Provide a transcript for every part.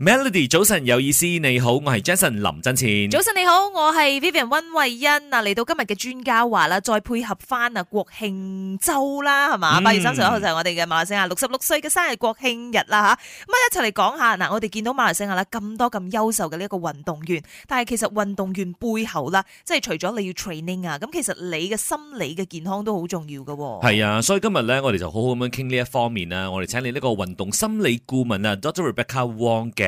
Melody，早晨有意思，你好，我係 Jason 林振前。早晨你好，我係 Vivian 溫慧欣啊，嚟到今日嘅專家話啦，再配合翻啊國慶周啦，係嘛？八月三十一號就係我哋嘅馬來西亞六十六歲嘅生日國慶日啦吓，咁啊、嗯、一齊嚟講下嗱，我哋見到馬來西亞啦咁多咁優秀嘅呢一個運動員，但係其實運動員背後啦，即係除咗你要 training 啊，咁其實你嘅心理嘅健康都好重要噶、哦。係啊，所以今日咧我哋就好好咁樣傾呢一方面啊。我哋請你呢個運動心理顧問啊，Dr Rebecca Wong 嘅。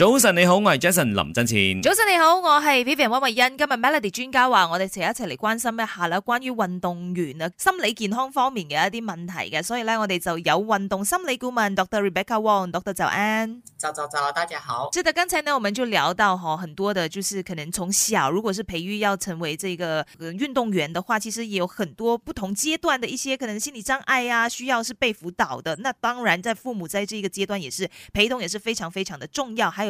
早晨你好，我係 Jason 林振前。早晨你好，我係 Vivian 溫慧欣。今日 Melody 專家話，我哋齊一齊嚟關心一下啦，關於運動員啊心理健康方面嘅一啲問題嘅，所以咧我哋就有運動心理顧問 Doctor Rebecca Wong，Doctor 早安，早早大家好。即係頭先呢，我們就聊到吓，很多嘅就是可能從小，如果是培育要成為這個、呃、運動員嘅話，其實也有很多不同階段嘅一些可能心理障礙啊，需要是被輔導的。那當然，在父母在這一個階段，也是陪同也是非常非常的重要，還有。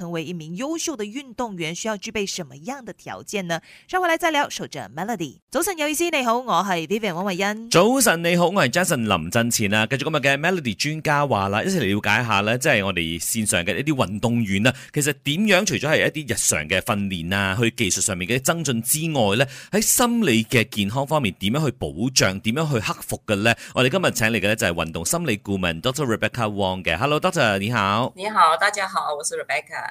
成為一名優秀嘅運動員，需要具備什麼樣的條件呢？收回來再聊。守着 Melody，早晨有意思。你好，我係 Vivian 王偉恩。早晨你好，我係 Jason 林振前啦。繼續今日嘅 Melody 專家話啦，一齊嚟了解下呢，即係我哋線上嘅一啲運動員啊，其實點樣除咗係一啲日常嘅訓練啊，去技術上面嘅增進之外呢，喺心理嘅健康方面點樣去保障，點樣去克服嘅呢？我哋今日請嚟嘅呢，就係運動心理顧問 Doctor Rebecca Wong 嘅。Hello，Doctor，你好。你好，大家好，我是 Rebecca。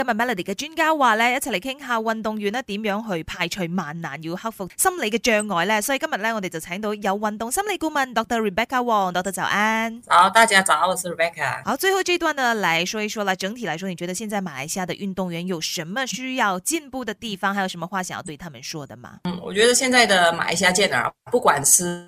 今日 Melody 嘅專家話咧，一齊嚟傾下運動員咧點樣去排除萬難，要克服心理嘅障礙咧。所以今日咧，我哋就請到有運動心理顧問 Dr.Rebecca Wong，Dr. 早安。早，大家早，我是 Rebecca。好，最後這段呢，來說一說啦。整體來說，你覺得現在馬來西亞的運動員有什麼需要進步的地方？還有什麼話想要對他們說的嗎？嗯，我覺得現在的馬來西亞健兒，不管是